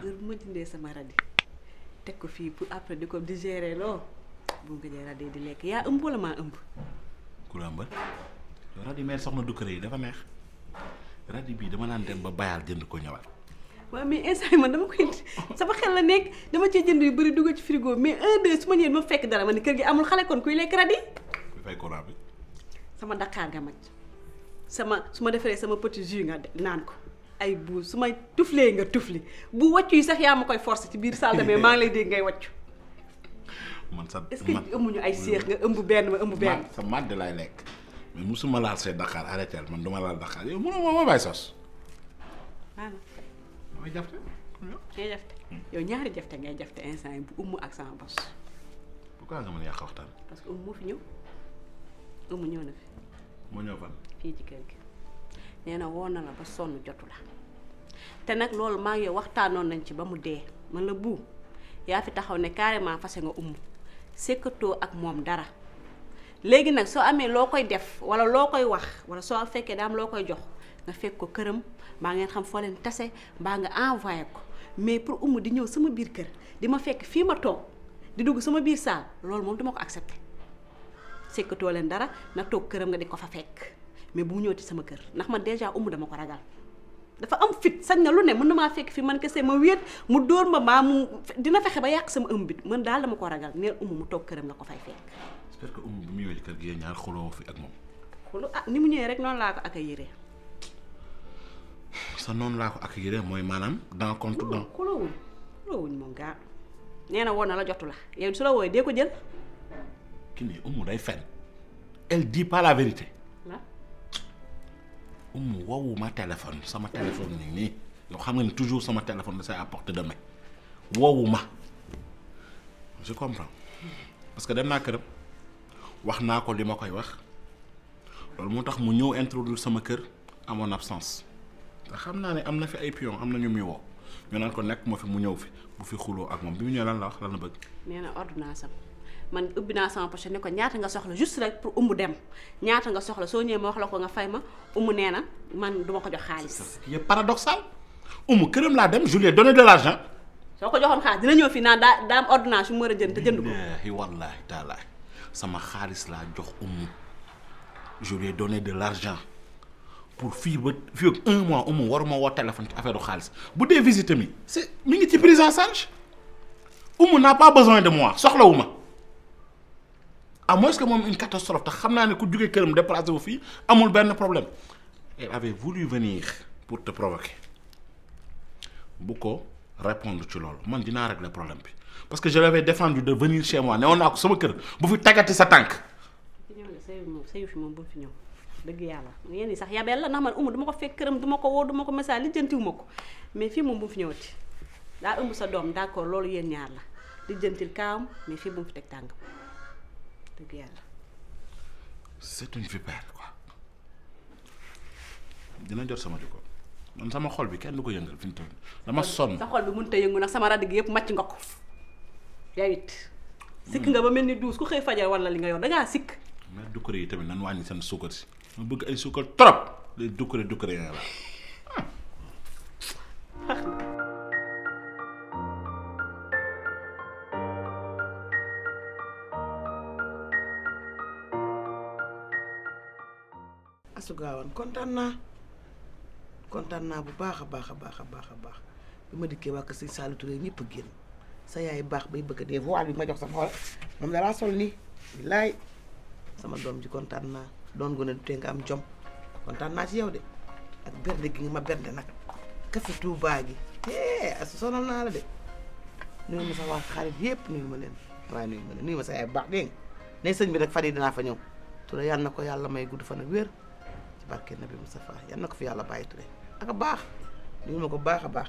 heure bu ma jëndee sama radis teg ko fii pour après di ko digérer loo bu nga jëlee radis di lekk yaa ëmb wala maa ëmb. ku la ëmbal radis mère soxna Dukkure yi dafa neex radis bii dama naan dem ba bayaal jënd ko ñëwaat. waaw mais instant man dama koy sama xel la nekk dama cee jënd yu bari dugg ci frigo mais un su ma ñëwee ma fekk dara ma ni kër gi amul xale kon kuy lekk radis. kuy fay sama daqaar nga maj sama su ma defaree sama petit jus nga naan ko. ay bu su may tuflee nga tufli bu wàccu yi sax yaa ma koy force ci biir salle mais maa ngi lay dégg ngay wàccu. man sa est-ce que ay seex nga ëmb benn ma ëmb benn. sa màdd lay lekk mais musuma laal say Dakar arrêté man duma laal Dakar yow mënoo ma ma bàyyi sos. waaw. damay ngay jafte yow instant yi bu ëmb ak sama bos. pourquoi nga mën a yàq waxtaan. parce que ëmb moo fi ñëw ëmb ñëw na fi. moo ñëw fan. fii ci kër gi nee na woo na la ba sonn jotu la. te nag loolu maa ngi yow waxtaanoon nañ ci ba mu dee man la bu yaa fi taxaw ne carrément fase nga umu sekkatoo ak moom dara léegi nag soo amee loo koy def wala loo koy wax wala soo fekkee daam loo koy jox nga fekk ko këram mbaa ngeen xam foo leen tase mbaa nga envoyé ko mais pour umu di ñëw sama biir kër di ma fekk fii ma toog di dugg sama biir saal loolu moom duma ko accepté sekkatoo leen dara na toog këram nga di ko fa fekk mais bu mu ñëw ci sama kër ndax ma déjà umu dama ko ragal dafa am fit sañ na lu ne mën na maa fekk fi man kese ma wéet mu dóor ma maa mu dina fexe ba yàq sama ëmb mën man daal dama ko ragal neel umu mu toog këram la ko fay fekk. j'espère que umu bi mu ñëwee kër gi ñaar xuloo fi ak moom. xuloo ah ni mu ñëwee rek noonu laa ko accueillir. sa noonu laa ko mooy maanaam dans contre dans. xuloowuñ xuloowuñ moom gaa nee woon na la jotu la su la wooyee dee ko jël. kii nii umu day fen elle dit pas la vérité. umu wowu ma téléphone sama téléphone nii nii yow xam nga ne toujours sama téléphone c'est à portée de main wowu ma je comprends parce que dem naa këram wax naa ko li ma koy wax loolu moo tax mu ñëw introduire sama kër amoon mon absence te xam naa ni am na fi ay pion am na ñu muy woo ñu naan ko nekk ma fi mu ñëw fi bu fi xuloo ak moom bi mu ñëw lan la wax lan la bëgg. man ubbi naa sama poche ne ko ñaata nga soxla juste rek pour umb dem ñaata nga soxla soo ñëwee ma wax la ko nga fay ma umb nee na man du ma ko jox xaalis. c'est paradoxal umb këram laa dem je lui de l'argent. soo ko joxoon xaalis dina ñëw fii naan daa daa am ordonnance yu mu war a jënd te jënd ko. wallaahi wallaahi taala sama xaalis laa jox umb je lui donné de l'argent pour fii ba fii ak un mois umu waruma woo téléphone ci affaire xaalis bu dee visite mi c'est mi ngi ci n'a pas de moi soxlawu ma. à moins que moom une catastrophe te xam naa ne ku jógee këram déplacé wu fii amul benn problème elle avait voulu venir pour te provoquer bu ko répondre ci loolu man dinaa régler problème bi parce que je l'avais défendu de venir chez moi newoon naa ko sama kër bu fi tagati sa tànk. fi ñëw dëgg yàlla yéen sax yabeel la ndax man umu duma ko fekk këram ko woo duma ko message lijjantiwuma ko mais fii moom bu mu fi ñëwati daa ëmb sa doom d'accord loolu yéen ñaar la lijjantil kaawam mais fii bu mu fi teg tànk dëgg yàlla. c'est une dina jot sama jikko man sama xol bi kenn du ko yëngal fi mu dama sonn. sa xol bi mun te yëngu nag sama rajo gi yëpp màcc nga ko yaay it. sikk nga ba mel ni duus ku xëy fajar wala li nga yor da ngaa sikk. mais dukkure yi tamit nan wàññi seen suukar si ma bëgg ay suukar trop les dukkure dukkure yooyu la. gaawaan kontaan naa kontaan naa bu baax a baax a baax a baax a baax bi ma dikkee waa si sëñ ture Touré ñëpp génn sa yaay baax bay bëgg a dee voile bi ma jox sa xool moom dalaa sol nii billaay sama doom ji kontaan naa doon gone du am jom kontaan naa ci yow de ak bernde gi ma bernde nag café Touba gi asu sonal naa la de nuyu ma sa waa xarit yëpp nuyu ma leen waaye nuyu ma leen nuyu ma sa yaay baax dégg nga ne sëñ bi rek fan yi danaa fa ñëw Touré yàlla na ko yàlla may gudd fan ak wér barke nabi Moustapha yal na ko fi yàlla bàyyi Touré ak baax nuyu ma ko baax a baax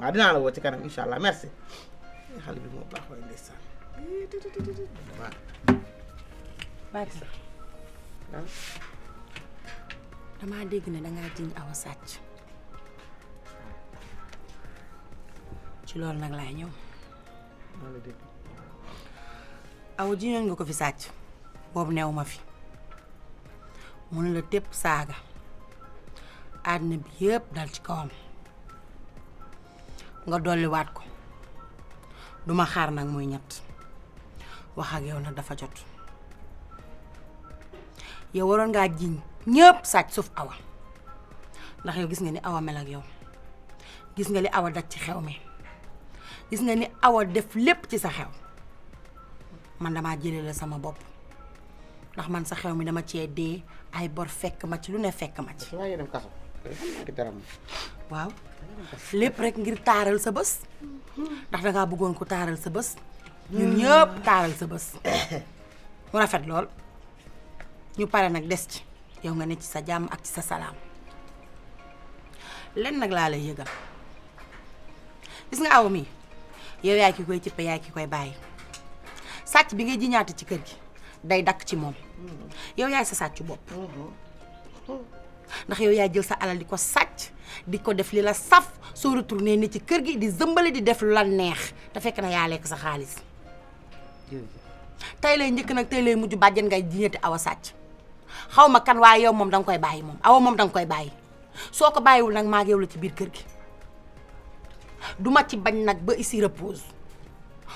waaw dinaa la woo ci kanam incha allah merci bi moo baax waaye ndeysaan waaw. Barke damaa dégg ne dangaa jiñ awa sàcc ci loolu nag laay ñëw. aw jiñoon nga ko fi sàcc boobu neew ma fi. mu la tépp saaga àddina bi yëpp dal ci kawam nga dolliwaat ko duma xaar nag muy ñett wax ak yow nag dafa jot yow waroon ngaa jiñ ñëpp sàcc suuf awa ndax yow gis nga ni awa mel ak yow gis nga li awa daj ci xew mi gis nga ni awa def lépp ci sa xew man damaa jële la sama bopp ndax man sa xew mi dama cee dee ay bor fekk ma ci lu ne fekk ma ci. waaye dem waaw lépp rek ngir taaral sa bés ndax dangaa bëggoon ko taaral sa bés ñun ñëpp taaral sa bés mu rafet lool ñu pare nag des ci yow nga ne ci sa jàmm ak ci sa salaam lenn nag laa lay yëgal gis nga awam yi yow yaa ki koy cippe yaa ki koy bàyyi sàcc bi ngay jiñaate ci kër gi day dakk ci moom yow yaay sa sàccu bopp ndax yow yaay jël sa alal di ko sàcc di ko def li la saf soo retourné ni ci kër gi di zëmbale di def lu la neex te fekk na yaa lekk sa xaalis tey lay njëkk nag tey lay mujj bàjjen ngay jiñati awa sàcc xaw ma kan waaye yow moom danga koy bàyyi moom awa moom danga koy bàyyi soo ko bàyyiwul nag maa yow la ci biir kër gi duma ci bañ nag ba ici repose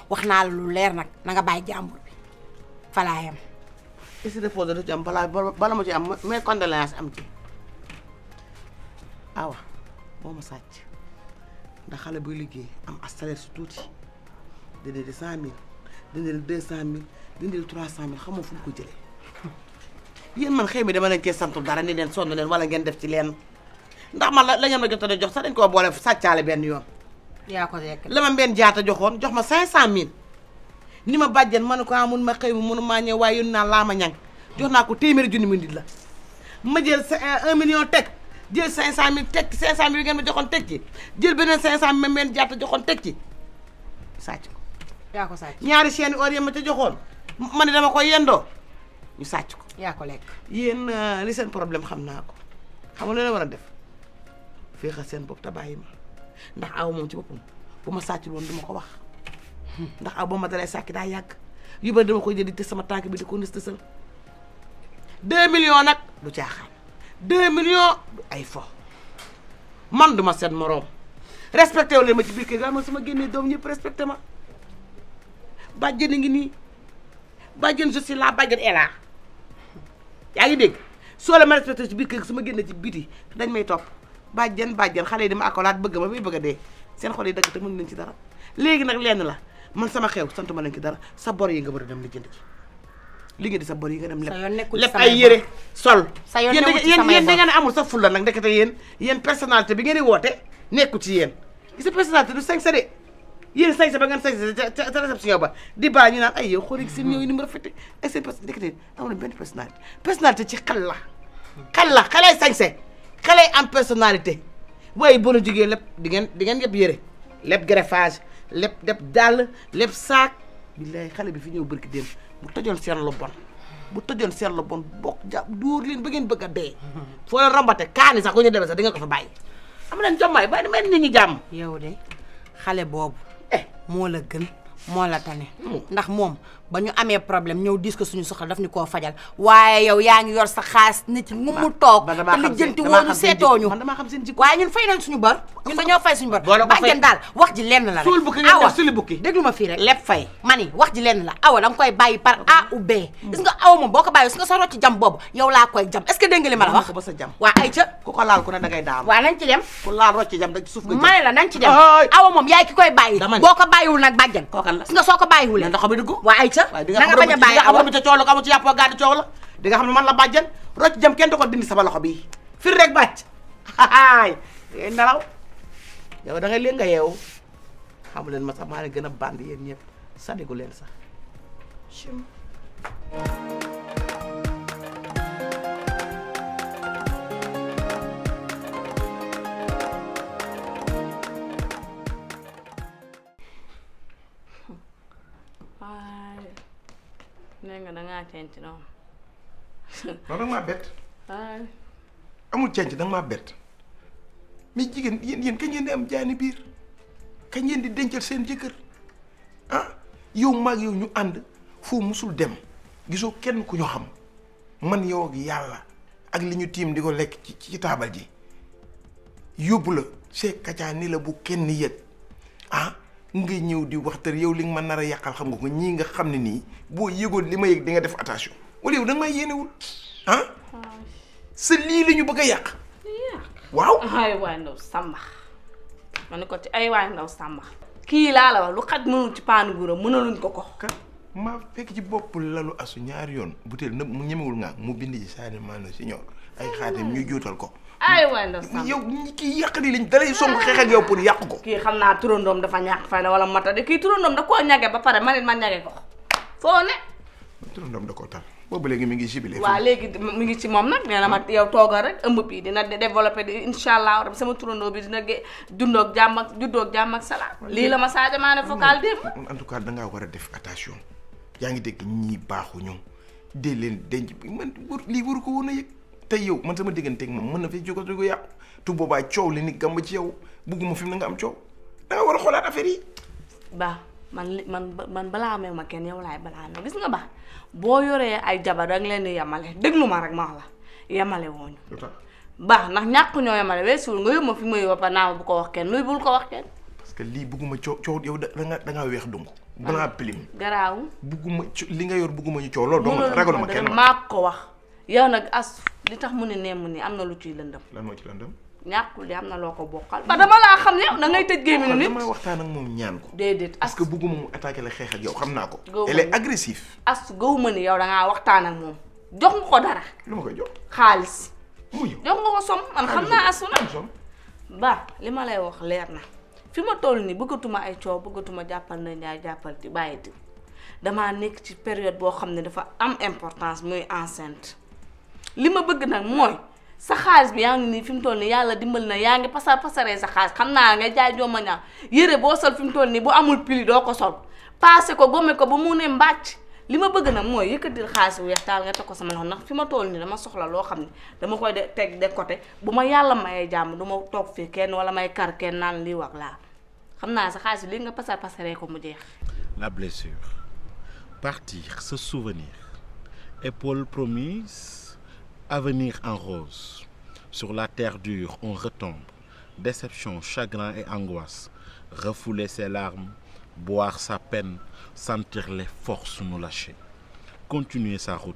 wax naa la lu leer nag na nga bàyyi jàmbur falaa yam isi reposé du ci am balaa bala ma ci am mais condoléance am ci awa boo ma sàcc ndax xale buy liggéey am as salaire su tuuti dindi di cent mille dindi di deux cent mille dindi di trois cent mille xamoo fu mu ko jëlee yéen man xëy mi dama leen cee santul dara ni leen sonn leen wala ngeen def ci leen ndax man la la ñu ma jot a jox sa dañ koo boole sàccaale benn yoon. yaa ko lekk la ma benn jaata joxoon jox ma cinq cent mille. ni ma bàjjen ma ne ko ah mun ma xëy ma munu maa ñëw waaye yónni naa laama ñang jox naa ko téeméeri junni mu nit la ma jël sa euh, un million teg jël cinq cent mille teg ci cinq cent mille ngeen ma joxoon teg ci jël beneen cinq cent mille ngeen jàtta joxoon teg ci sàcc ko yaa ko sàcc ñaari chaîne or ma ca joxoon ma ne dama ko yendoo ñu sàcc ko yaa ko lekk yéen euh, li seen problème xam naa ko xam nga leen war a def féexal seen bopp te bàyyi ma ndax aw moom ci boppam bu ma sàccul woon du ma ko wax ndax aw ba ma dalay sàkki daa yàgg yu bari dama koy jëndi te sama tànk bi di ko nës tësal deux millions nag du caaxaan deux millions du ay fo man duma seen moroom respecté wu leen ma ci biir kër ga su ma génnee doom ñëpp respecté ma bàjjen a ngi nii bàjjen je suis là bàjjen est yaa ngi dégg soo la ma kër su ma ci biti dañ may topp bàjjen bàjjen xale yi dama accolade bëgg ma bay bëgg a dee seen xol yi dëgg te mën nañ ci dara léegi nag lenn la man sama xew santuma leen ci dara sa bor yi nga war a dem lijjanti li ngeen di sa bor yi nga dem lépp lépp ay yére sol yéen yéen yéen da ngeen amul sa fulla nag ndekete yéen yéen personnalité bi ngeen di woote nekku ci yéen gis personnalité du sañse de yéen sañse ba ngeen sañse ca réception ba di baa ñu naan ay yow xool seen ñooyu ni mu rafete ak seen pers ndekete amul benn personnalité personnalité ci xel la xel la xale sañse xale am personnalité waaye boo la jógee lépp di ngeen di ngeen yëpp yére lépp greffage lépp def dàll lépp saak billaay xale bi fi ñëw bërki dem bu tojoon seen lu bu tojoon seen lu bon bokk jàpp dóor leen ba ngeen bëgg a dee foo leen rambate kaani sax ko ñu demee sax di nga ko fa bàyyi am leen jommaay ba may nit ñi jàmm yow de xale boobu eh. moo la gën moo la tane hmm. ndax moom ba ñu amee problème ñëw dis ko suñu soxla daf ñu koo fajal waaye yow yaa ngi yor sa xaas nit mu mu toog te lijjanti woonu seetooñu waaye ñun fay nañ suñu bor ñun daal wax ji lenn la la awa da koy bàyyi par A ou B gis nga aw moom boo ko bàyyi gis nga sa rocc jam boobu yow ko ko bàyyiwul nag bàjjen gis nga soo ko bàyyiwul waa ay ca ca na nga bañ a bàyyi awa di nga xam ne coow la ko la di nga xam ne man la bàjjan rocc jëm kenn du dindi sama loxo bii fir rek bàcc aay ngay nelaw yow da leen nga yeewu xamu leen ma sax maa leen gën a bandi yéen ñëpp sadigu leen sa waaye nee nga dangaa cenc noonu non danga bett waaye amul cenc danga maa bett mais jigéen yéen yéen kañ ngeen am jaani biir kañ ngeen di dencal seen jëkkër ah yow maag yow ñu ànd foo musul dem gisoo kenn ku ñu xam man yow ak yàlla ak li ñu tiim di ko lekk ci ci taabal ji yóbbu la see kacaa ni la bu kenn yëg ah nga ñëw di waxtaan yow li nga ma nar a yàqal xam nga ko ñii nga xam ne nii boo yëgoon li ma yëg di nga def attention wala yow da nga may yéenewul ah. sa lii la bëgg a yàq. waaw ay waay ndaw Samba. ma ne ko ci ay waay ndaw Samba. kii laa la wax lu xaj mënul ci paanu guura mënaluñ ko ko. ma fekk ci bopp lalu asu ñaari yoon butéel na mu ñemewul nga mu bind ci saa ne maanaam si ñor ay xaatim ñu juutal ko. aywa la sax yow kii yàq lii lañ dalay song xeex ak yow pour yàq ko. kii xam naa turandoom dafa ñàkk fay la wala mata de kii turandoom da koo ñage ba pare man it ma ñage ko foo ne. turandoom da koo tal boobu léegi mi ngi jubilé. waaw léegi mi ngi ci moom nag nee na ma yow toogal rek ëmb bi dina développé incha allah rabi sama turandoo bi dina gé dundoo ak jàmm ak juddoo ak lii la ma Sadio Mané vocal démb. en tout cas da ngaa war a def attention yaa ngi dégg ñii baaxuñu dee ko tey yow man sama digganteeg moom mën na fi jóge jóge yàqu tu boobaa coow li ni gàmb ci yow bugguma fi mu ne am coow a xoolaat affaire yi. ba man man man balaa amee ma kenn yow laay balaa amee gis nga boo yoree ay jabar da leen di yemale déglu ma rek ma la yemale wooñu baax ndax ñàkk ñoo yemale weesuwul nga yóbbu fi ma yóbbu ba naa bu ko wax kenn luy bul ko wax kenn. parce que lii bugguma coow coow yow da nga da ngaa weex dung balaa pilim garaaw bugguma li nga yor bugguma ñu coow loolu. dong ragaluma kenn maa ko wax. yow nag as li tax mu ne nemm nii am na lu ciy lëndëm. lan moo ci lëndëm. ñàkkul li am na loo ko bokkal. ba dama laa xam ne da ngay tëj gémmiñu nit damay waxtaan ak moom ñaan ko. déedéet as que bëgguma mu attaqué la xeex ak xam naa ko. gëw elle est agressif. as gëw ma ni yow da waxtaan ak moom jox nga ko dara. lu ma koy jox xaalis. mu jox nga ko som man xam naa asu na. ba li ma lay wax leer na fi ma toll nii bëggatuma ay coow bëggatuma jàppal na ñaay jàppal ci bàyyi diw damaa nekk ci période boo xam ne dafa am importance muy enceinte li ma bëgg nag mooy sa xaalis bi yaa ngi nii fi mu toll nii yàlla dimbal na yaa ngi pasar pasaree sa xaalis xam naa nga jaay jooma ñaaw yére boo sol fi tool toll nii bu amul pili doo ko sol paase ko gome ko ba mu ne mbàcc li ma bëgg nag mooy yëkkatil xaalis bu weex taal nga teg ko sama loxo ndax fi ma tool nii dama soxla loo xam ne dama koy de teg de côté bu ma yàlla mayee jàmm du ma toog fii kenn wala may kar kenn naan lii wax laa xam naa sa xaalis bi li nga pasar pasaree ko mu jeex. la blessure partir se Avenir en rose. Sur la terre dure, on retombe. Déception, chagrin et angoisse. Refouler ses larmes, boire sa peine, sentir les forces nous lâcher. Continuer sa route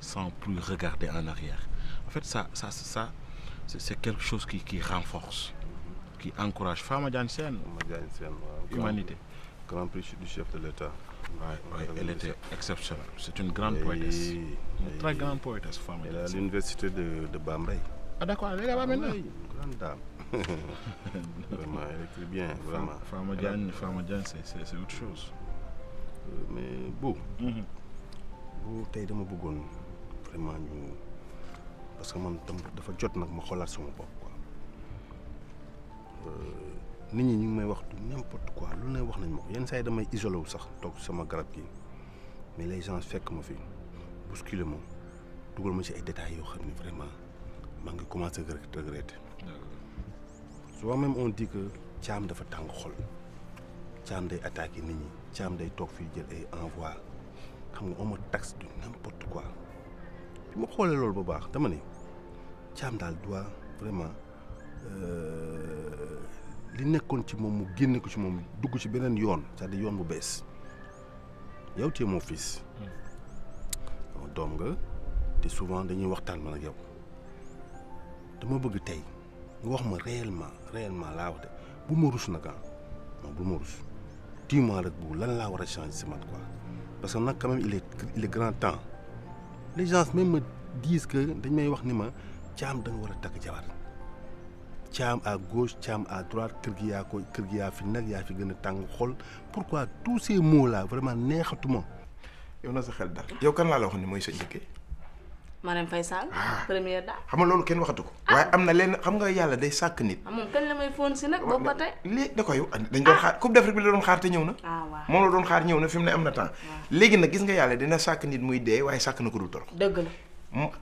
sans plus regarder en arrière. En fait, ça, ça, ça c'est quelque chose qui, renforce, qui encourage. Fama Diagne Sène, Ouais, elle était exceptionnelle. C'est une grande et poétesse. Et une très grande poétesse, femme. Elle est à l'université de, de Bambay. Ah d'accord, elle est là-bas ah, maintenant oui, vraiment, elle bien, vraiment. Femme Diane, femme c'est autre chose. Euh, mais bu mm-hmm. bu tey dama bëggoon vraiment ñu parce que man tam dafa jot nag ma xoolaat sama bopp nit ñi ñu ngi may wax du n'importe quoi lu ne wax nañ ma ko yenn saa yi damay isolé sax toog sama garab gi mais les gens fekk ma fi bousculé moom dugal ma ci ay détails yoo xam ne vraiment maa ngi commencé regretter. soo même on dit que caam dafa tàng xol caam day attaque nit ñi caam day toog fii jël ay envoi xam nga on me taxe du n'importe quoi bi ma xoolee loolu bu baax dama ne caam daal doit vraiment. Euh, li nekkoon ci moom mu génne ko ci moom dugg ci beneen yoon cest à yoon bu bees yow tu moo mon fils sama hmm. doom nga te souvent dañuy waxtaan man ak yow dama bëgg tey nga wax ma réellement réellement laa wax bu ma rus nag ah non bu ma rus dis rek bu lan laa war a change si man quoi parce que nag quand même il est il est grand temps les gens même me disent dañ may wax ni ma caam da war a takk jabar caam à gauche caam à droite kër gi yaa ko kër gi yaa fi nag yaa fi gën a tàng xol pourquoi tous ces mots là vraiment neexatuma. yow na sa xel dal yow kan laa la wax ni mooy sa njëkkee. Marème Faye Sall. Ah. première dame xam nga loolu kenn waxatu ko. Ah. waaye am na lenn xam nga yàlla day sàkk nit. ah moom kañ la may fóon si nag boobu ba lii da koy dañ doon ah. xaar coupe d'Afrique bi la doon xaar te ñëw na. moom la doon xaar ñëw na fi mu ne am na temps. léegi nag gis nga yàlla dina sàkk nit muy dee waaye sàkk na ko du torox.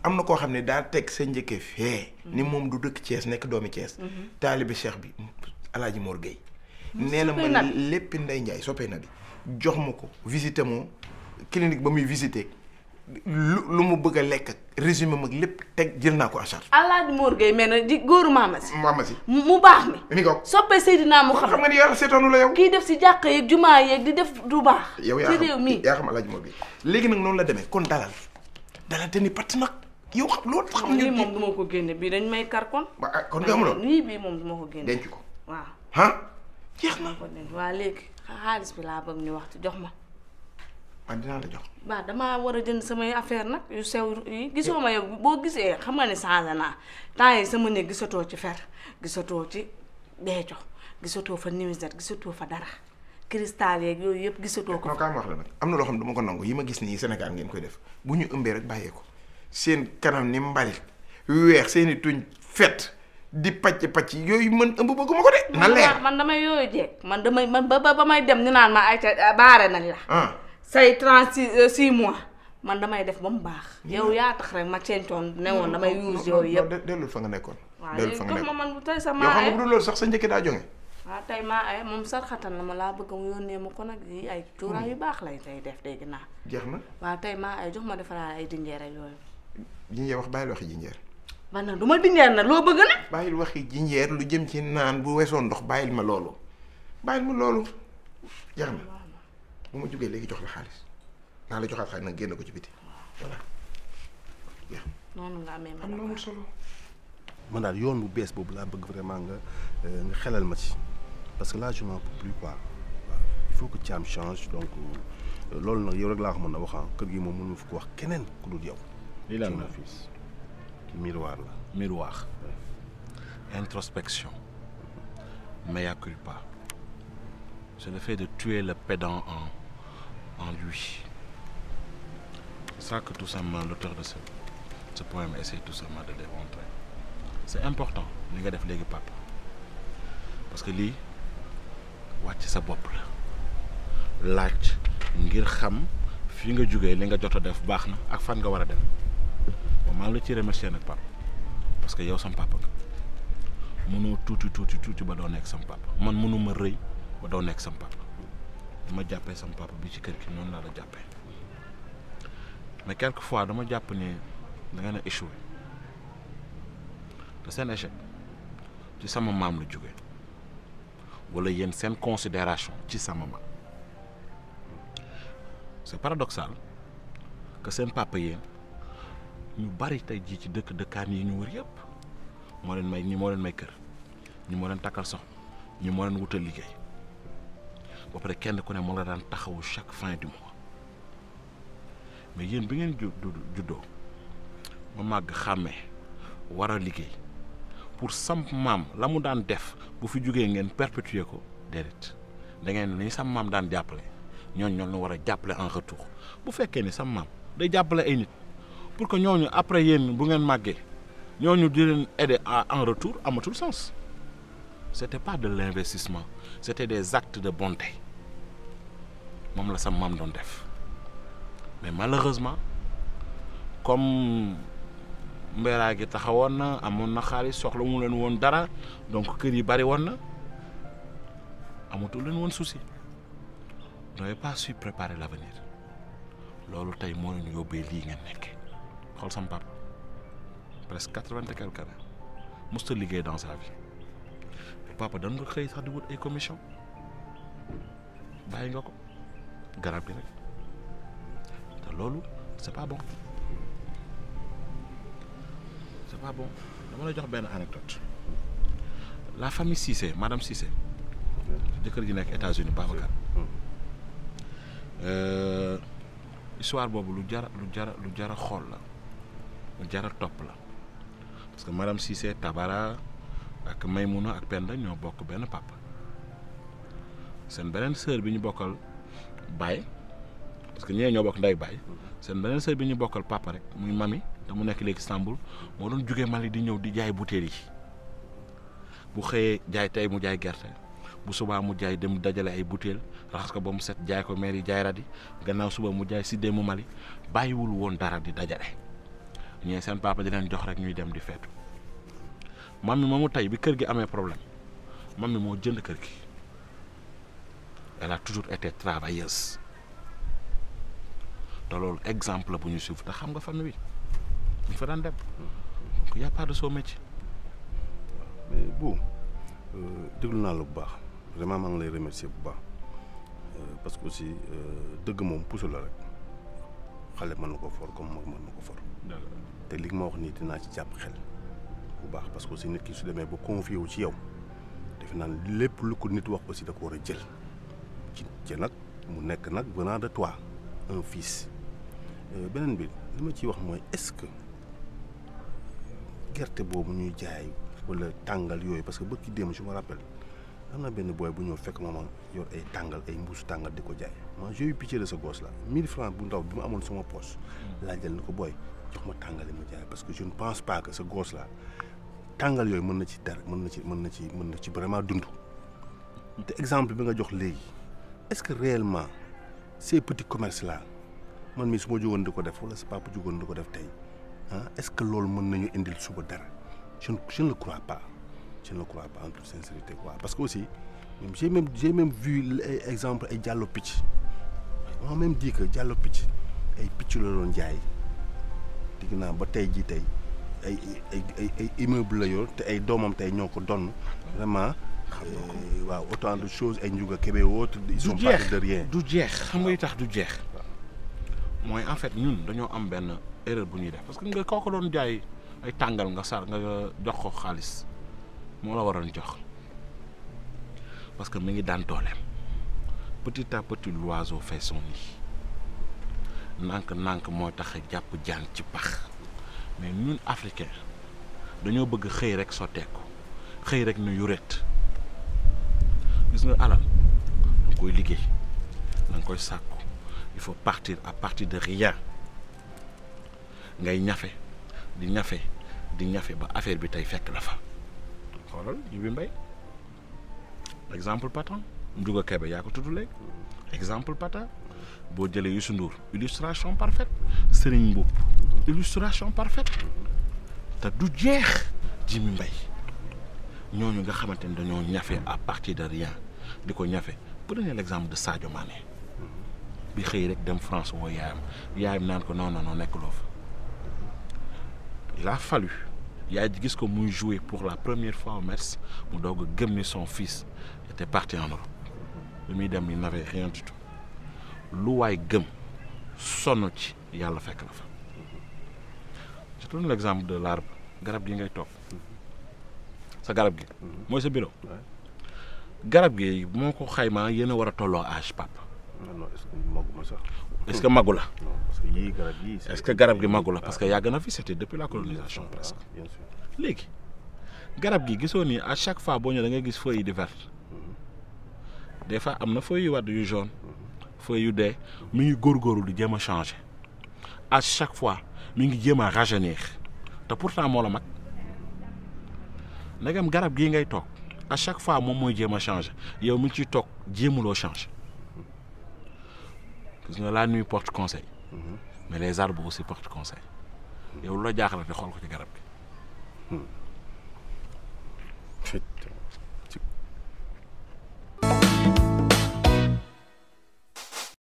am na koo xam ne daa teg sa njëkke fee ni moom du dëkk Thiès nekk doomi Thiès mhm. taalibi cheikh bi alaaji Mor Gueye mm-hmm. nee na ma léppi Ndeye Ndiaye soppee na bi jox ma ko visité moo clinique ba muy visité lu lu mu bëgg a lekk ak résumé mag lépp teg jël naa ko en charge. alaaji Mor Gueye na góoru maama si. maama si mu baax mi. mi ko soppee mu xam. xam nga ni yàlla seetaanu la yow. kii baax. yow léegi nag noonu la demee kon dalal. dala deni patt nag yow xam loolu xam lii moom du ko génne bii dañ may kar kon ah, kon nii bii moom du ma ko génne denc ko waaw ah jeex na waa léegi xaalis bi laa bëgg ñu waxtu jox ma man dinaa la jox waaw damaa war a jënd samay affaire nag yu sew yi gisoo ma yow boo gisee xam nga ne changé naa temps yi sama ne gisatoo ci fer gisatoo ci deeco gisatoo fa nuisette gisatoo fa dara cristal yeeg yooyu yëpp gisatoo ko. non kaay ma wax am na loo xam ne ko nangu yi ma gis nii Sénégal ngeen koy def bu ñu ëmbee rek bàyyee ko seen kanam ni mbalit weex seen i tuñ fet di pàcc pàcc yooyu man ëmb bëgguma ko de. na man damay yooyu jeeg man damay man ba ba may dem ñu naan ma ay ah, baare nañ la. Ah. say trente euh, six mois man mu baax. yow yaa tax rek ma cencoon ne woon damay use yooyu yëpp. dellul fa nga nekkoon. dellul fa nga nekkoon waaw xam nga bu dul loolu sax sa njëkk daa jonge waaw ah, tey maa ay eh, moom sarxatan la ma laa bëgg mu yónnee ma ko nag yi ay cuuraay yu baax lañ tey def dégg naa. jeex na waaw tey maa ay eh, jox ma defaraat ay dinjeer ak yooyu. jinjeer wax bàyyil waxi jinjeer. man nag du ma dinjeer nag loo bëgg nag. bàyyil waxi jinjeer lu jëm ci naan bu wesoon ndox bàyyil ma loolu bàyyil ma loolu jeex na bu ma jógee léegi jox la xaalis naa la joxaat xaalis nag génn ko ci biti voilà jeex na. noonu laa amee ma am na solo. man daal yoon bu bees boobu laa bëgg vraiment nga eh, xelal ma ci. parce que là je m'en peux plus quoi il faut que Thiam change donc euh, loolu nag yow rek laa ko mën na wax ah. kër gi moom mënu fa ko wax keneen ku dul yow. lii lan la fils miroir la. miroir introspection mea culpa c'est le fait de tuer le pédant en en lui c'est ça que tout simplement l'auteur de ce ce poème essaie tout c'est important li nga def léegi papa parce que lii. wàcc sa bopp la laaj ngir xam fi nga jógee li nga jot a def baax na ak fan nga war a dem maa ngi la ci remercier nag papa parce que yow sam papa nga mënoo tuuti tuuti tuuti ba doo nekk sam papa man mënuma rëy ba doo nekk sam papa dama jàppee sam papa bi ci kër ki noonu laa la jàppee mais quelque fois dama jàpp ne da ngeen a échoué te seen échec ci sama maam la jógee wala yéen seen considération ci sama ma c'est paradoxal que seen papa yéen ñu bari tey jii ci dëkk dëkkaan yi ñu wër yëpp moo leen may ñi moo leen may kër ñi moo leen takkal sox ñi moo leen wutal liggéey ba pare kenn ku ne moo la daan taxawu chaque fin du mois mais yéen bi ngeen juddoo ma màgg xàmmee wara liggéey pour sam maam la mu daan def bu fi jugee ngeen perpétuer ko déedéet da ngeen ni sam maam daan jàppale ñooñu ñoo la war a jàppale en retour bu fekkee ni sam maam da jàppale ay nit pour que ñooñu après yéen bu ngeen màggee ñooñu di leen aider en retour amatul sens c'était pas de l'investissement c'était des actes de bonté moom la sam maam doon def mais malheureusement comme. mbéeraa gi taxawoon na amoon na xaalis soxla mu leen woon dara donc kër yi bari woon na amatul leen woon souci n'avez pas su préparer l'avenir loolu tey moo leen yóbbee lii ngeen nekk xool sama papa presque quatre-vingt et quelque ans musta liggéey dans sa vie papa dan nga xëy sax di wut ay commission bàyyi nga ko garab gi rek te loolu c'est pas bon c'est bon dama lay jox benn anecdote la famille Cissé madame Cissé jëkkër ji nekk États-Unis Babacar euh, histoire boobu lu jara lu jara lu jara xool la lu jara topp la parce que madame Cissé Tabara ak Maymuna ak Penda ñoo bokk benn papa seen beneen sœur bi ñu bokkal baay parce que ñee ñoo bokk ndey baay seen beneen sœur bi ñu bokkal papa rek muy mami te nekk léegi Istanbul moo doon jóge Mali di ñëw di jaay butéel yi bu xëyee jaay tey mu jaay gerte bu subaa mu jaay dem dajale ay butéel raxas ko ba mu set jaay ko maire yi jaay radi gannaaw suba mu jaay si démb Mali bàyyiwul woon dara di dajale ñee seen papa di leen jox rek ñuy dem di feetu mami moomu tey bi kër gi amee problème mami moo jënd kër gi elle a toujours été travailleuse te loolu exemple bu ñu suivre te xam nga famille bi dañ fa daan dem donc y a pas de bu euh, déglu naa la bu baax vraiment maa ngi lay remercier bu baax euh, parce que aussi euh, dëgg moom puso la rek xale mën na ko for comme mag mën na ko for. te li ma wax nii dinaa ci jàpp xel bu baax parce que aussi nit ki su demee ba confié wu ci yow defe naan lépp lu ko nit wax aussi da ko war a jël ci ci nag mu nekk nag venant de toi un fils beneen bi li ma ciy wax mooy est-ce que. gerte boobu ñuy jaay wala tàngal yooyu parce que bëkki démb je me rappelle am na benn booy bu ñëw fekk ma ma ay tàngal ay mbuusu tàngal di ko jaay man j'ai eu sa gosse là 1000 francs bu ndaw bi mu amoon sama poche hmm. laa jël ni ko booy jox ma tàngal ma jaay parce que je ne pense pas que sa tàngal yooyu mën na ci dara mën na ci mën na ci mën na ci vraiment dund te exemple bi nga jox léegi est-ce que réellement ces petits commerces là man mii su ma jógoon di ko def wala si papa jógoon di ko def tey ah est-ce que loolu mën nañu indil suba dara je ne je ne le crois pas je ne le crois pas en toute sincérité quoi parce que aussi j'ai même j'ai même vu exemple ay Diallo Picc m'a même dit que Diallo Picc ay picc la doon jaay digg naa ba tey jii tey ay ay ay immeuble la yor te ay doomam tey ñoo ko donn vraiment. Euh, waaw autant de choses ay Ndiouga Kébé woote. ils sont partis de du jeex xam nga li tax du jeex. mooy en fait ñun dañoo am benn erreur bu ñuy def parce que nga kooku doon jaay ay tàngal nga sar nga jox ko xaalis moo la waroon jox parce que mi ngi daan dooleem petit à petit l'oiseau fait son nank nànk moo tax jàpp jaan ci pax mais ñun africain dañoo bëgg xëy rek sotteeku xëy rek nu yuret gis nga alal da koy liggéey da nga koy sàkku il faut partir à partir de rien ngay ñafe di ñafe di ñafe ba affaire bi tey fekk la fa xoolal ñu mbay exemple Patan Ndiouga Kébé yaa ko tudd exemple Patan boo jëlee Youssou Ndour illustration parfaite Serigne Mboup illustration parfaite te du jeex Jimi mbay ñooñu nga xamante ni dañoo ñafe à partir de rien di ko ñafe prenez exemple de Sadio Mané bi xëy rek dem France woo yaayam yaayam naan ko non noo nekk nekkuloo fa il a fallu yaay ji gis ko muy jouer pour la première fois au mu doog a ni son fils te parti en Europe muy dem il n'avait rien du tout lu waay gëm sonn ci yàlla fekk la fa je donne l'exemple de l'arbre garab gi ngay toog sa garab gi mhm. mooy sa bureau garab gi moo ko xaymaa yéen a war a tolloo âge papa non est-ce que màggu sax. est-ce que la. non parce que yii garab yii. est gi màggu la parce que yàgg na fi c'était depuis la colonisation ah, presque. léegi garab gi gisoo ni à chaque fois boo ñëwee da ngay gis feuilles yi di verte mm-hmm. des fois am na feuilles yu wadd yu jaune mm-hmm. feuilles yu dee mi ngi góor di jéem a changer à chaque fois mi ngi jéem a rajeunir te pourtant moo la mag ndegam garab gii ngay toog à chaque fois moom mooy jéem a changer yow mu ngi ciy toog jéemuloo changer. gis nga la nuit porte conseil mais les boo aussi porte conseil yow lu la jaaxalate xool ko ci garab gi hmm.